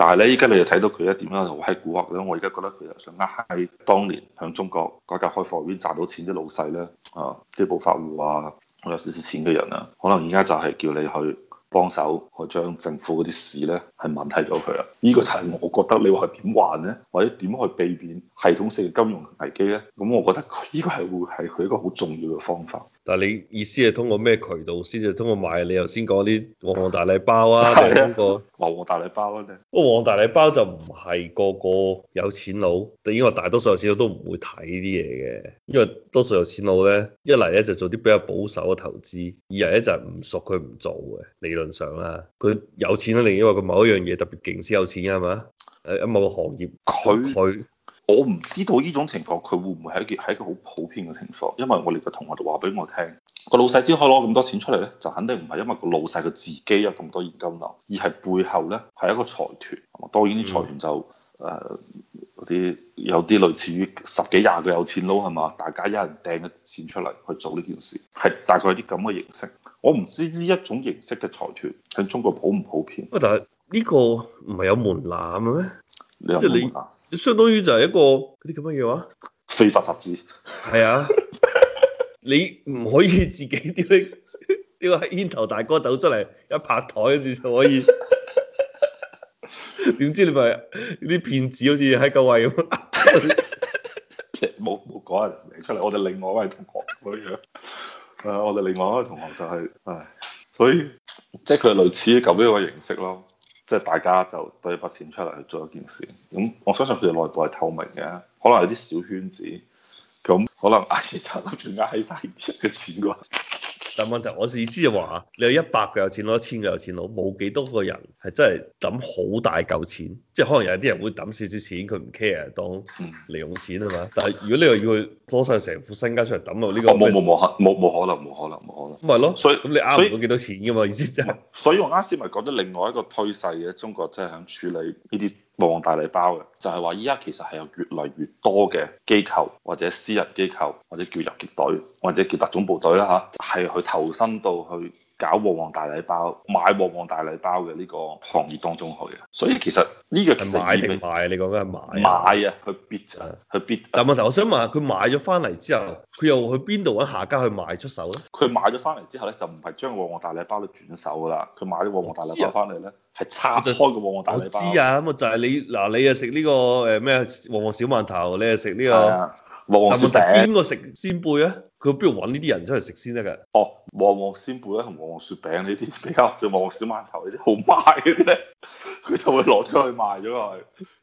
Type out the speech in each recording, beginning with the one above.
但係咧，而家你又睇到佢一點樣喺蠱惑咧，我而家覺得佢又想呃喺當年向中國改革開放嗰邊賺到錢啲老細咧，啊啲暴發戶啊，我有少少錢嘅人啊，可能而家就係叫你去幫手去將政府嗰啲事咧係問替咗佢啊！呢個就係我覺得你話係點還咧，或者點去避免系統性金融危機咧？咁我覺得呢個係會係佢一個好重要嘅方法。但你意思係通過咩渠道？先至通過買你頭先講啲旺旺大禮包啊，通過旺旺大禮包嗰、啊、隻。哦，旺大禮包就唔係個個有錢佬，定於話大多數有錢佬都唔會睇呢啲嘢嘅。因為多數有錢佬咧，一嚟咧就做啲比較保守嘅投資，二嚟咧就唔熟佢唔做嘅。理論上啦，佢有錢咧，一定因為佢某一樣嘢特別勁先有錢噶係嘛？喺某個行業佢。我唔知道呢種情況佢會唔會係一件係一個好普遍嘅情況，因為我哋個同學就話俾我聽，個老細先可以攞咁多錢出嚟呢，就肯定唔係因為個老細佢自己有咁多現金流，而係背後呢，係一個財團。當然啲財團就誒啲、呃、有啲類似於十幾廿個有錢佬係嘛，大家一人掟嘅錢出嚟去做呢件事，係大概啲咁嘅形式。我唔知呢一種形式嘅財團喺中國普唔普遍。但係呢個唔係有門檻嘅咩？有有門檻即係你。相當於就係一個嗰啲咁嘅嘢，話非法集資，係啊 你唔可以自己啲呢呢個牽頭大哥走出嚟一拍台，跟住就可以點知 你咪啲騙子好似喺個位咁冇冇講人名出嚟，我哋另外一位同學樣係我哋另外一位同學就係、是、係，所以即係佢係類似咁樣嘅形式咯。即係大家就對一筆錢出嚟去做一件事，咁我相信佢哋內部係透明嘅，可能有啲小圈子，咁可能壓住壓曬晒嘅錢啩。但問題，我意思就話，你有一百個有錢佬，一千個有錢佬，冇幾多個人係真係揼好大嚿錢，即係可能有啲人會揼少少錢，佢唔 care 當零用錢啊嘛。但係如果你又要佢拖晒成副身家出嚟揼，呢個冇冇冇可能，冇可能，冇可能。咁咪咯，所以咁你啱到幾多錢噶嘛？以意思即係，所以我啱先咪講咗另外一個趨勢嘅，中國即係喺處理呢啲。旺旺大禮包嘅，就係話依家其實係有越嚟越多嘅機構或者私人機構或者叫游擊隊或者叫特種部隊啦吓，係、啊、去投身到去搞旺旺大禮包、買旺旺大禮包嘅呢個行業當中去。所以其實呢、呢個係買定賣？你講緊係買。買，買啊，去必，啊，去必、啊。i 但係問題，我想問下，佢買咗翻嚟之後，佢又去邊度揾下家去賣出手咧？佢買咗翻嚟之後咧，就唔係將旺旺大禮包都轉手噶啦，佢買咗旺旺大禮包翻嚟咧。係拆開個旺旺大禮包我，我知啊，咁啊就係、是、你嗱，你啊食呢個誒咩旺旺小饅頭，你、這個、啊食呢個旺旺雪餅，邊個食鮮貝啊？佢邊度揾呢啲人出嚟食先得㗎？哦，旺旺鮮貝咧同旺旺雪餅呢啲比較，仲旺旺小饅頭呢啲好賣嗰啲咧，佢 就會攞出去賣咗佢。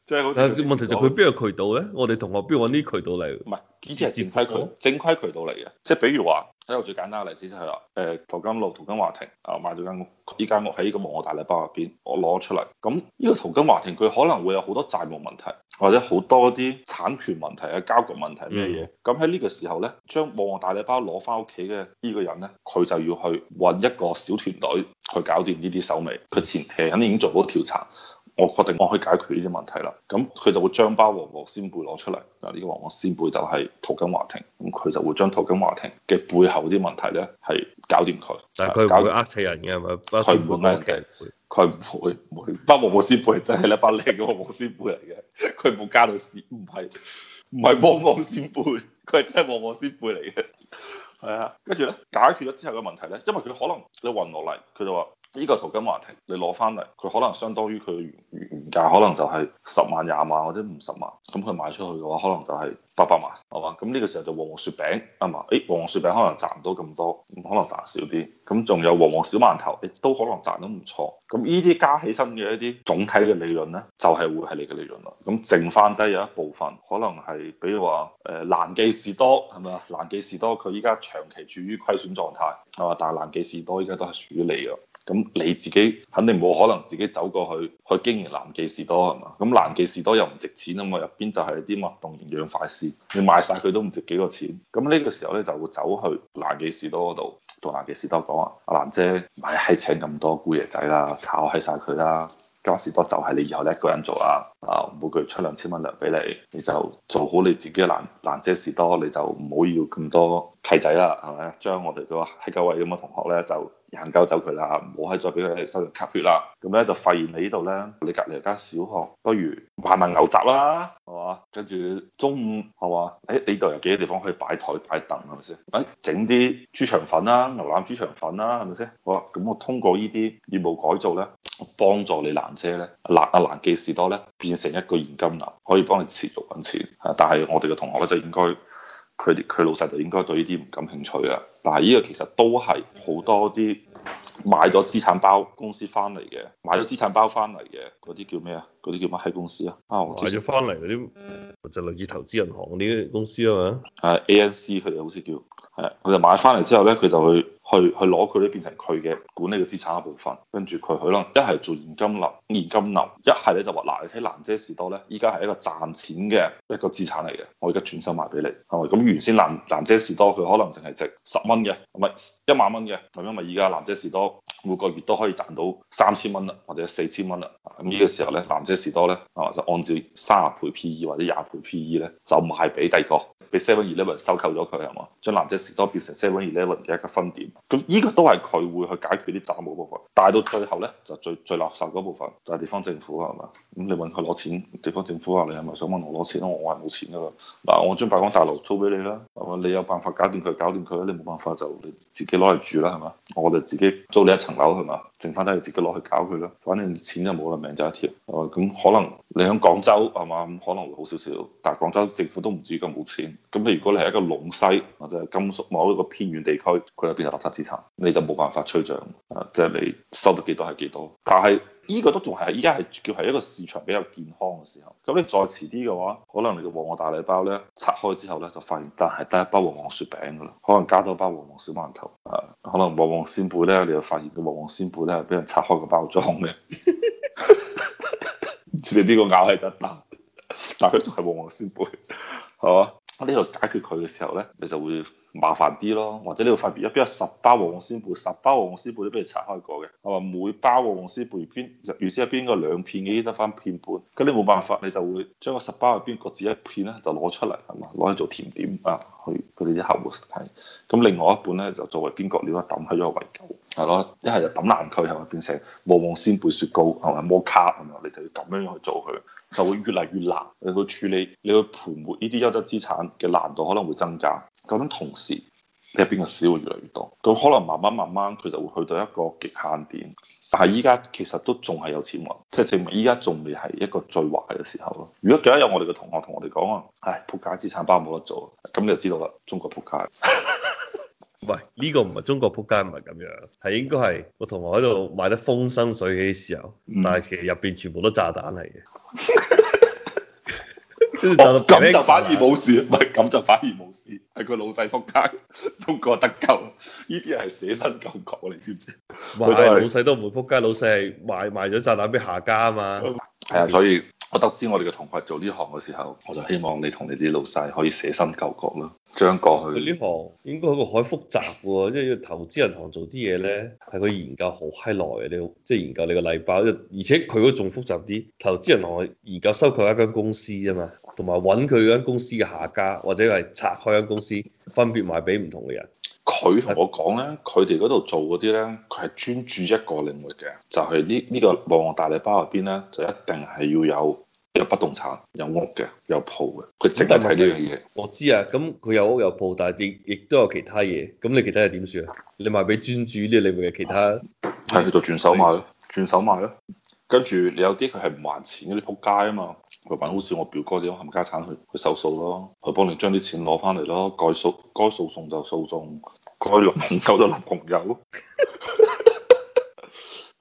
即、就、係、是、好。但係問題就佢邊個渠道咧？我哋同學邊度揾呢啲渠道嚟？唔係。呢啲係正規渠，正規渠道嚟嘅，即係比如話，一個最簡單嘅例子就係話，誒淘金路淘金華庭啊，買咗間屋，呢間屋喺呢個旺角大禮包入邊，我攞出嚟。咁呢個淘金華庭佢可能會有好多債務問題，或者好多啲產權問題啊、交割問題咩嘢。咁喺呢個時候咧，將旺角大禮包攞翻屋企嘅呢個人咧，佢就要去搵一個小團隊去搞掂呢啲手尾。佢前期肯定已經做好調查。我確定我可以解決呢啲問題啦，咁佢就會將霸王旺旺仙貝攞出嚟，嗱呢個旺旺仙貝就係淘金華庭，咁佢就會將淘金華庭嘅背後啲問題咧係搞掂佢。但係佢搞佢呃死人嘅係咪？佢唔會嘅，佢唔會唔會。霸王旺旺仙貝真係一班靚嘅旺旺仙貝嚟嘅，佢冇加到屎，唔係唔係旺旺仙貝，佢係真係旺旺仙貝嚟嘅。係 啊，跟住咧解決咗之後嘅問題咧，因為佢可能你暈落嚟，佢就話。呢個淘金話題你攞翻嚟，佢可能相當於佢原價可能就係十萬、廿萬或者五十萬。咁佢賣出去嘅話，可能就係八百萬，係嘛？咁呢個時候就旺旺雪餅啊嘛，誒、欸、旺旺雪餅可能賺唔到咁多，可能賺少啲。咁仲有旺旺小饅頭，亦、欸、都可能賺得唔錯。咁呢啲加起身嘅一啲總體嘅利潤呢，就係、是、會係你嘅利潤咯。咁剩翻低有一部分，可能係比如話誒蘭記士多係嘛？蘭記士多佢依家長期處於虧損狀態，係嘛？但係蘭記士多依家都係屬於你嘅。咁你自己肯定冇可能自己走過去去經營蘭記士多係嘛？咁蘭記士多又唔值錢啊嘛，入邊。就係啲脈動營養快線，你賣晒佢都唔值幾個錢。咁呢個時候咧就會走去蘭記士多嗰度，同蘭記士多講啊，阿蘭姐唔係喺請咁多姑爺仔啦，炒閪晒佢啦。加士多就係你以後你一個人做啊。啊，每個月出兩千蚊糧俾你，你就做好你自己。蘭蘭姐士多你就唔好要咁多契仔啦，係咪？將我哋個喺九位咁嘅同學咧就。行救走佢啦，唔好喺再俾佢收入吸血啦。咁咧就發現你呢度咧，你隔離有間小學不如賣埋牛雜啦，係嘛？跟住中午係嘛？誒呢度有幾多地方可以擺台擺凳，係咪先？誒整啲豬腸粉啦，牛腩豬腸粉啦，係咪先？我話咁我通過呢啲業務改造咧，幫助你蘭姐咧，蘭阿蘭記士多咧，變成一個現金流，可以幫你持續揾錢。但係我哋嘅同學咧就應該。佢哋佢老實就應該對呢啲唔感興趣啦，但係呢個其實都係好多啲買咗資產包公司翻嚟嘅，買咗資產包翻嚟嘅嗰啲叫咩啊？嗰啲叫乜喺公司啊？啊，或者翻嚟嗰啲就類似投資銀行嗰啲公司啊嘛。係 ANC 佢哋好似叫係啊，佢就買翻嚟之後咧，佢就去。去去攞佢啲變成佢嘅管理嘅資產一部分，跟住佢可能一係做現金流，現金流，一係咧就話嗱、啊，你睇藍姐士多咧，依家係一個賺錢嘅一個資產嚟嘅，我而家轉手賣俾你，係咪？咁原先藍藍姐士多佢可能淨係值十蚊嘅，唔係一萬蚊嘅，咁樣咪依家藍姐士多每個月都可以賺到三千蚊啦，或者四千蚊啦，咁呢個時候咧藍姐士多咧啊就按照三十倍 PE 或者廿倍 PE 咧就賣俾第二個，俾 Seven Eleven 收購咗佢係嘛，將藍姐士多變成 Seven Eleven 嘅一個分店。咁呢個都係佢會去解決啲債務部分，但係到最後呢，就是、最最垃圾嗰部分就係、是、地方政府係嘛？咁你搵佢攞錢，地方政府話、啊、你係咪想問我攞錢啊？我話我係冇錢噶啦。嗱，我將白光大樓租俾你啦，係嘛？你有辦法搞掂佢，搞掂佢，你冇辦法就你自己攞嚟住啦，係嘛？我就自己租你一層樓係嘛？剩翻得你自己攞去搞佢啦。反正錢就冇啦，命就一條。咁可能。你喺廣州係嘛？可能會好少少，但係廣州政府都唔至於咁冇錢。咁你如果你係一個隴西或者係甘肅某一個偏遠地區，佢入邊係垃圾資產，你就冇辦法，吹漲，即係你收得幾多係幾多。但係呢個都仲係依家係叫係一個市場比較健康嘅時候。咁你再遲啲嘅話，可能你嘅旺旺大禮包咧拆開之後咧，就發現得係得一包旺旺雪餅㗎啦，可能加多一包旺旺小饅頭，啊，可能旺旺仙貝咧，你就發現嘅旺旺仙貝咧係俾人拆開個包裝嘅。 你呢個咬係得啖，但係佢仲係旺旺仙貝，係嘛？呢度解決佢嘅時候咧，你就會麻煩啲咯，或者呢度分別一邊有十包旺旺仙貝，十包旺旺仙貝都俾你拆開過嘅。係嘛，每包旺旺仙貝邊，原先入邊嗰兩片嘅依得翻片半，咁你冇辦法，你就會將個十包入邊各自一片咧，就攞出嚟係嘛，攞去做甜點啊，去佢哋啲客戶係。咁另外一半咧就作為邊角料一抌喺咗個維九係咯，一係就抌爛佢係咪？變成旺旺仙貝雪糕係嘛，摩卡係嘛，你就要咁樣去做佢。就會越嚟越難，你去處理，你去盤活呢啲優質資產嘅難度可能會增加。咁樣同時，你入邊嘅市會越嚟越多。咁可能慢慢慢慢佢就會去到一個極限點。但係依家其實都仲係有錢，即係證明依家仲未係一個最壞嘅時候咯。如果今日有我哋嘅同學同我哋講啊，唉，撲街資產包冇得做，咁你就知道啦。中國撲街， 喂，呢、呢個唔係中國撲街唔係咁樣，係應該係個同學喺度買得風生水起嘅時候，嗯、但係其實入邊全部都炸彈嚟嘅。哦，咁就反而冇事，唔係咁就反而冇事，係個老細仆街，中國得救，呢啲係捨身救國，你知唔知？唔是都老細都唔會仆街，老細係賣賣咗炸彈俾下家啊嘛。係啊，所以我得知我哋嘅同學做呢行嘅時候，我就希望你同你啲老細可以捨身救國咯，將過去。呢行應該個海複雜，因為投資銀行做啲嘢咧，係佢研究好閪耐嘅，你即係研究你個禮拜，而且佢嗰仲複雜啲。投資銀行研究收購一間公司啊嘛。同埋揾佢嗰間公司嘅下家，或者係拆開間公司，分別賣俾唔同嘅人。佢同我講咧，佢哋嗰度做嗰啲咧，佢係專注一個領域嘅，就係呢呢個旺旺大禮包入邊咧，就一定係要有有不動產，有屋嘅，有鋪嘅。佢淨係睇呢樣嘢。我知啊，咁佢有屋有鋪，但係亦亦都有其他嘢。咁你其他嘢點算啊？你賣俾專注呢個領域嘅其他，係去做轉手賣咯，的轉手賣咯。跟住你有啲佢係唔還錢嗰啲撲街啊嘛～佢揾好似我表哥啲咁冚家產去去收數咯，佢幫你將啲錢攞翻嚟咯，該訴該訴訟就訴訟，該該淋紅油就淋紅油。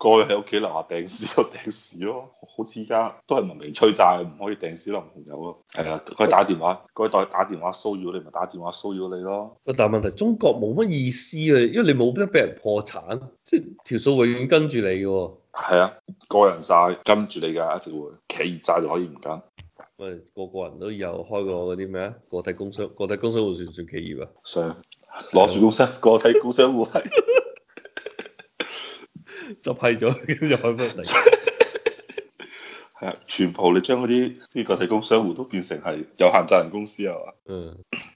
該喺屋企樓下掟屎就掟屎咯，好似依家都係文明催債，唔可以掟屎淋朋友咯。係啊，佢打電話，佢再打電話騷擾你，咪打電話騷擾你咯。喂，但問題中國冇乜意思啊，因為你冇必得俾人破產，即係條數永遠跟住你嘅。係啊，個人債跟住你㗎，一直會。企業債就可以唔跟。喂，個個人都有開過嗰啲咩啊？個體工商、個體工商戶算唔算企業啊？算，攞住工商、 個體工商戶係。 就批咗，跟住開翻嚟。係啊，全部你將嗰啲個體工商戶都變成係有限責任公司係嘛？嗯。